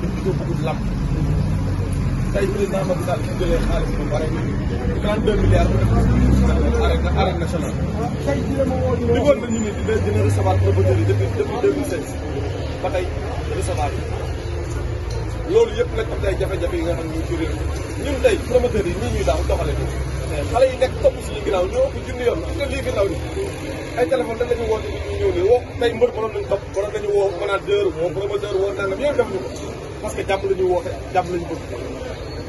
di doo bëggul làmb tey président Macky Sall su jëlee xaalis bu bare 32 milliards arène arène nationale li woon na ñu ne dina dina recevoir promoteur yi depuis depuis 2016 ba tey recevoir loolu yëpp nag am na jafe-jafe yi nga xam ne ñu ci réew ñun tey yi nii ñuy daaw doxale xale yi nekk topp suñu ginnaaw ñoo ëpp junni yoon gis nga lii ginnaaw ni ay téléphone dañ lañu woote ñu ñëw nii woo tey mbër borom lañu topp borom dañu woo woo promoteur woo nangam yooyu parce que jàmm lañu woote jàmm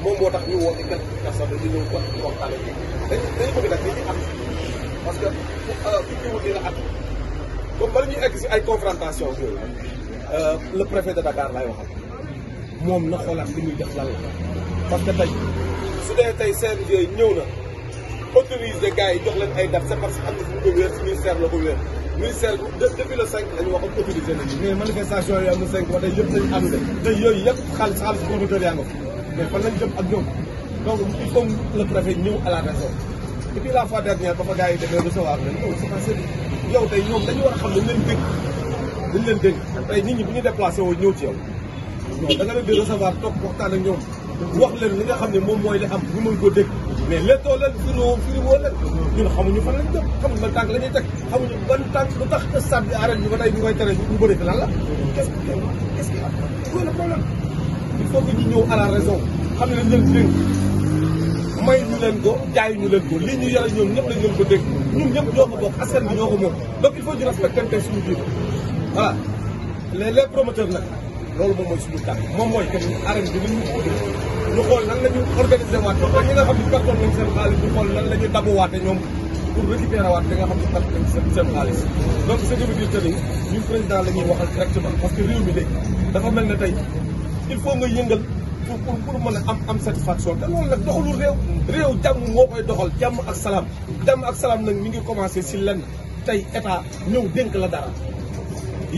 moom moo tax ñu woote quelques euh, personnes si ay euh, le préfet de Dakar laay moom na xoolaat li parce que tey su dee tey CNG ñëw na autorisé gars yi jox leen ay date c'est parce que am na mu ko wéer si ministère la ko wéer ministère bi depuis le 5 la ñu waxoon autorisé nañu. mais manifestation yi am na 5 ba yëpp nañu annulé te yooyu yëpp xaalis xaalis promoteur yaa nga ko mais fan lañ jëm ak ñëw à la raison depuis la fois ba fa gars yi demee recevoir leen loolu oh, c'est passé yow dañu war a xam dañ leen dégg dañ leen dégg tey nit ñi bu ñu déplacé woo ñëw ci yow non da nga leen di recevoir toog waxtaan nga xam ne moom mooy li am mais lettoo leen firiwoo firiwoo leen ñun xamuñu fan lañ jëm xamuñu ban tànk la ñuy teg xamuñu ban tànk lu tax stade bi bi ba tey ñu koy tere ñu la qu'est-ce que qu'est-ce que c'est le problème il faut que ñu ñëw à la xam ne leen dénk may ñu leen ko jaay ñu leen ko lii ñu yore ñoom ñëpp lañ leen ko dégg ñun ñëpp ñoo ko bokk askan bi ñoo ko moom donc il faut ñu respecter suñu biir voilà les les promoteurs nag loolu moom mooy suñu tànk moom mooy que arène bi ni ñu ñu xool nan la ñu organiser waat ba xool nan la ñuy dabuwaate ñoom pour récupérer waat li nga xam ne perte nañ seen seen xaalis donc ce qui veut dire que la ñuy waxal directement parce que réew mi de dafa mel ne tey il faut nga yëngal pour pour pour mën am am satisfaction te loolu nag doxalul réew réew jàmm koy doxal jàmm ak salaam jàmm ak salaam nag mi ngi commencé si lenn tey état ñëw dénk la dara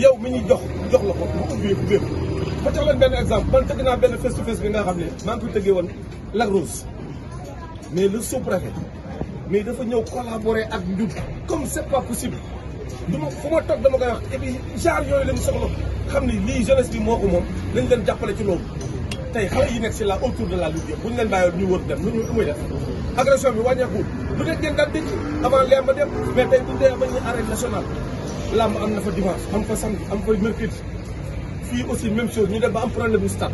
yow mi ñuy jox jox la ko lu ubbeeku bépp ma jox leen benn exemple man tëgg naa benn face to bi nga xam ne maa ngi koy tëggee woon Lac mais le sous-préfet mais dafa ñëw collaborer ak Ndiour comme c'est pas possible du ma fu ma toog dama koy wax et puis genre yooyu la ñu soxla xam ne lii jeunesse bi moo ko moom nañ leen jàppale ci loolu tey xale yi nekk si la autour de la lutte bu ñu leen bàyyoon ñu wër dem lu ñu muy def agression bi wàññeekuwul lu nekk ngeen daan dëcc avant leen ba dem mais tey bu ñu demee ba fii aussi même chose ñu def ba am problème mu stade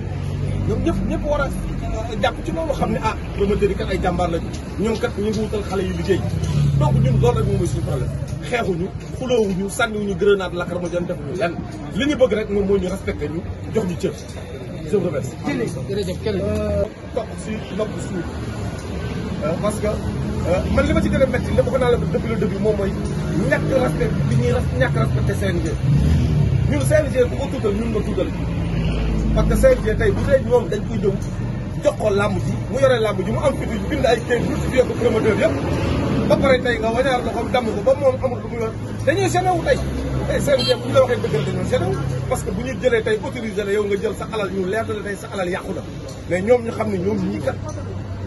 ñoom ñëpp ñëpp war a euh, jàpp ci loolu xam ne ah promoteur yi kat li ñu bëgg rek moom mooy ñu respecté ñu jox ñu cër je euh, euh, parce que man li ma ci gën a métti li ma ko naan la depuis le moom mooy ñàkk respect bi ñuy ñàkk respecté CNG. ñun CNG bu ko tuutal ñun nga tuutal parce que CNG tey bu tey ñoom dañ koy ñëw jox ko làmb ji mu yore làmb ji mu am fitu bind ay kayit notifié ko promoteur yor dañuy senewu bu ñu la waxee dëggal dañoo senewu parce que bu ñu jëlee tey autorisé la yow nga jël sa alal ñu leer la tey sa alal yàqu na mais ñoom ñu xam ne ñoom ñii kat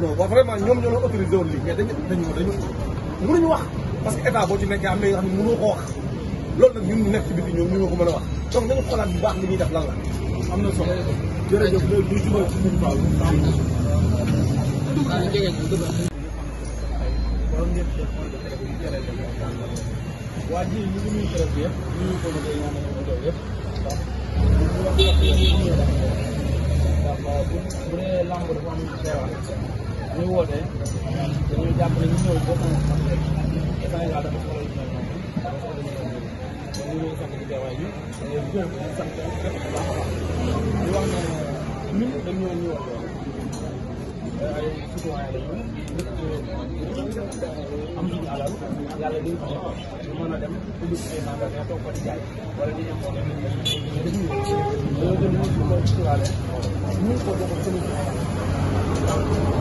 non ba vraiment ñoom ñoo la autorisé lii mais dañu dañu wax parce que état ci nekkee am na nga xam ne ko wax loolu nag ñun ñu nekk ci biti ñoom ñu ma ko a wax donc nañu xoolaat bu baax li ñuy def lan la. am na solo jërëjëf léegi du jubal ci biir Pao. waa ji li muy traité yëpp ñu ngi ko mën a ñaanal ñu doon yëpp ndax di leen sant di wax ne ñun dañoo ñëw ay citoyen la ñu am suñu alal yàlla di ko mën a dem ubbi ay magasin toog fa di jaay wala di importé dañuy dañoo jël ñu ko suturaale ñu ko jox seen loolu bu ñu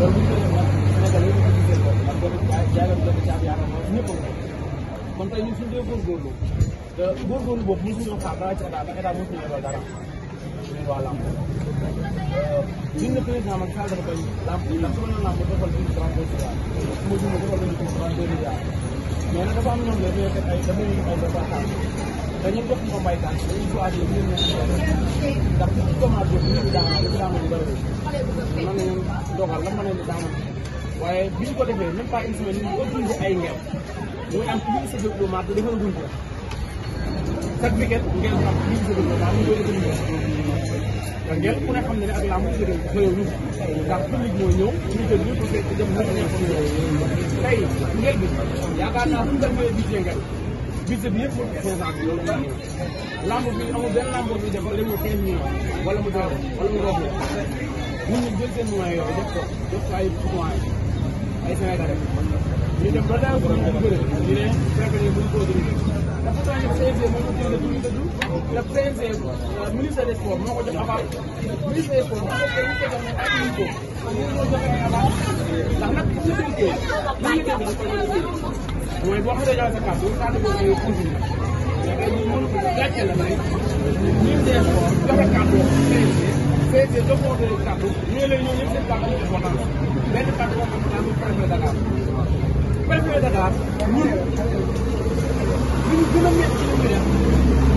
nag Sénégal yëpp ci seen bopp ndax doomu jaay jaay la doomu jaay yaakaar ñëpp kon tey ñun suñu dee góorgóorlu góorgóorlu boobu ñu ngi ñoo xaar dara ci état ba état mënut a dara suñu waa làmb suñu président Macky Sall dafa koy làmb ndax su ma nee làmb defal bi ñu 32 milliards su ma juumee defal nañu ko 32 milliards mais nag dafa am ñoom dañuy def ay dafa ñu ay reportage te ñun jox ko mbay daal dañuy choisir ñu ñu ndax ci chômage bi ñu daanaka ñu daanaka bëri man nañu dogal la mën nañu daanaka waaye bi ñu ko defee même pas une semaine ñu organiser ay ngeew muy am ci ministre de développement te defal guñ ko chaque weekend ngeen xam ni ñu jógee laa ñu jógee seen ngeen ku ne xam ne ne ak laa mu jógee xëyoo ñu ndax public mooy ñëw ñu jël ñu parce que dem na ñu xam ne tey ngeen bi yaakaar naa suñu dem mooy budget ngeen budget bi yëpp moo présent loolu la lamb bi amul benn lamb bi def léegi 15 millions wala mu doon wala mu doon ñun ñu jël seen moyens yooyu def ko def ko ay moyens ay Sénégalais ñu dem ba daaw ko ñu bëre ñu ne fekk ne buñ ko dafa soxla ne CNG moo ko jëndee pour ñu dëddu ndax CNG ministre des sports moo ko jox aval ministre des sports moo ko jox ne ak ñu ko ñu ko joxe ne aval ndax nag bu ñu liggéey bu ñu liggéey bi dafa ñu liggéey mooy boo xamee daal sa kàddu saa ne boo koy continué mais tey ñu mënu ko gàcce la rek ministre des sports joxe kàddu CNG CNG joxoo ko kàddu ñoo lay ñëw ñëpp seen kàddu ñu ko naan benn kàddu boo xam ne daal mu préfet Dakar préfet Dakar ñun li ñu gën a métti ci mbir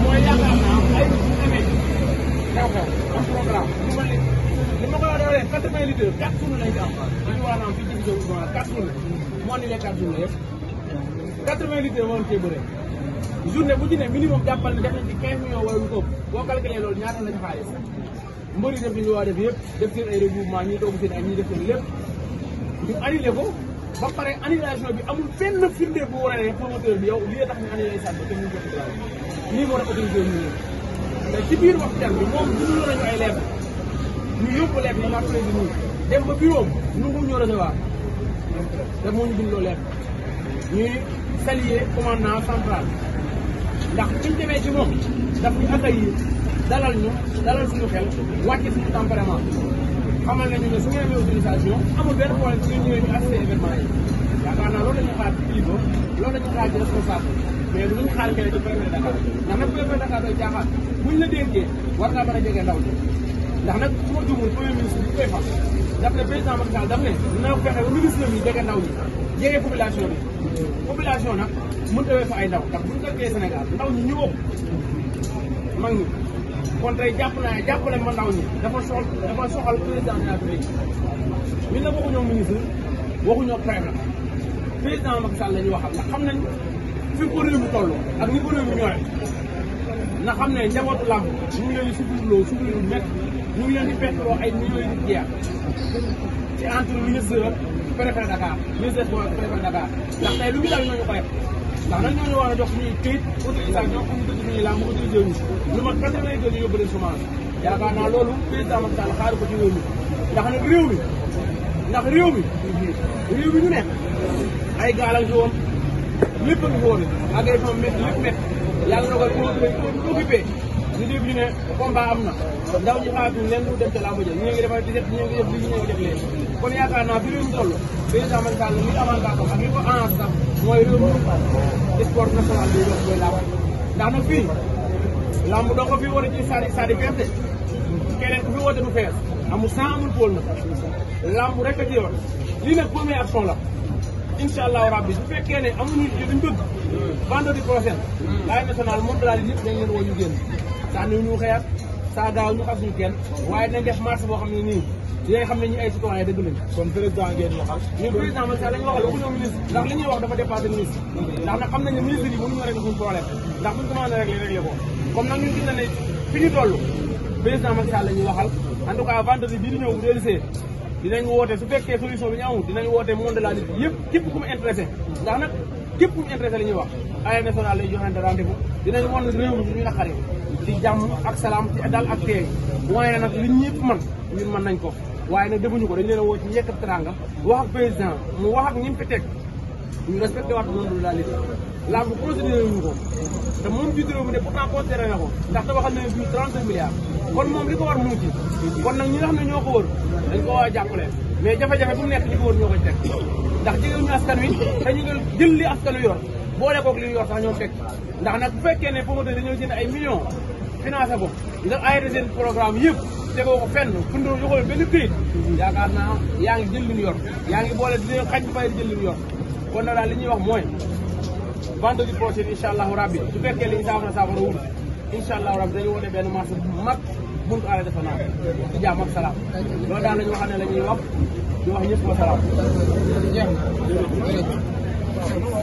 mooy yaakaar naa ay nit ñu amee xew-xew am programme lu ma ne li ma ko war a doon quatre am dañu war a am fii ci biir quatre moo ni les quatre jours la yëpp quatre-vingts litres waroon bu ci ne minimum jàppal ne def nañ ci quinze millions wala lu ko boo calculé loolu ñaata lañ xaalis mbëri def li ñu war a def yëpp def seen ay regroupement ñuy toog seen ak ñuy def seen lépp ñu annulé ko ba pare annulation bi amul fenn firnde bu war a ne promoteur bi yow lii tax ñu annulé sànni te ñu jot daal lii moo te bi moom dundu nañu ñu yóbbu leeb bi ñu dem ba bureau bi nu mu ñu recevoir te moo ñu bindoo leeb ñuy saluer commandant central ndax ñu demee ci moom daf ñu accueillir dalal ñu dalal suñu xel wàcce suñu tempérament. xamal nañu ne su ngeen amee autorisation amul benn problème su ngeen ñëwee ñu accès événement yi yaakaar naa loolu la ñuy xaar ci kilifa loolu la ñuy xaar ci responsable mais lu ñu xaar keneen ci préfet Dakar ndax nag préfet Dakar day jaaxaat buñ la dénkee war ngaa mën a jege ndaw ndax nag su ma juumul premier ministre bi koy fas daf ne président Macky Sall daf ne naa fexe ba ministre bi jege ndaw ñi jege population bi population nag mënut a weesu ay ndaw ndax buñ ko jegee Sénégal ndaw ñi ñu ëpp mag ñi kon tey jàpp naa ne ma ndaw ñi dafa soxal dafa soxal président de la République ñun nag waxuñoo ministre waxuñoo préfet président Macky Sall la ñu waxal xam nañ fi ko réew mi ak ni ko réew mi ñooy na xam ne njabootu làmb mu ngi leen di sukkandikuloo sukkandiku nekk ñu ngi leen di fekkloo ay millions yu jeex ci entre ministre préfet Dakar ministre des sports préfet Dakar ndax tey lu ñu dal ñooñu ko def ndax dañ ñooñu war a jox suñuy këyit autorisation pour ñu dëgg suñuy làmb autorisé wuñu lu mat quatre naa loolu président Macky Sall xaaru ko ci réew mi ndax nag réew mi ndax réew mi réew ay gaal ak woon lépp a ngi woon ak ay fam métti lépp métti yàlla na ko ñu dégg ñu ne combat am na ndaw ñi xaatuñ leen lu dem ca làmb ja ñu ngi defal di def ñu ngi def li ñu ngi kon yaakaar naa bi réew mi toll président Macky Sall li avantage am ak li bi war a ci sadi sadi la incha allahu rabbi su fekkee ne amuñu luñ bëgg vendredi prochain. Ligue nationale moom daal yëpp dañ leen woo génn sànni ñu xeer saa daaw ñu xas ñu xam ne nii yooyu xam ne ñu ay ndax li wax dafa dépassé ministre. ndax nag xam nañ ne ministre yi mënuñu régler suñu problème ndax buñ commencé régler régler ko comme nag ñun gis na ne fi ñu toll président Macky di ñëw bu woote su fekkee solution bi ñu amul dinañ woote monde la nit yëpp képp ku mu intéressé ndax nag képp ku ñu intéressé li ñuy wax Arène Nationale lay joxante rendez-vous dinañ wan réew mi suñu naqari ci jàmm ak salaam ci dal ak teey waaye nag li ñëpp man ñun mën nañ ko waaye nag defuñu ko dañ leen a woo ci njëkk ak teranga wax ak président mu wax ak ñi mu fi teg ñu respecté waat noonu la lutte làmb considéré wuñu ko te moom jiitu réew mi ne pourtant considéré na ko ndax tabaxal nañu fii 30 milliards kon moom li ko war mu ngi kon nag ñi nga xam ne ñoo ko wër dañ ko war a mais jafe-jafe bu mu nekk ñi ko wër ñoo ko teg ndax jigéen ñu askan wi dañu ngi jël li askan wi yor boole koog li ñu yor sax ñoo teg ndax nag bu fekkee ne promoteur dañoo jënd ay millions financé ko nga arrêté seen programme yëpp tegoo ko fenn fundoo yoxol benn këyit yaakaar naa yaa ngi jël li ñu yor yaa ngi boole di leen xaj fay li ñuy wax mooy vendredi prochain incha allahu rabbi su fekkee li ñu saafara saafara wul incha allahu rabbi dañu woote benn marché bu mag buntu àll defe naa ci jaam ak salaam daal la ñu wax ne la ñuy wax di wax ñëpp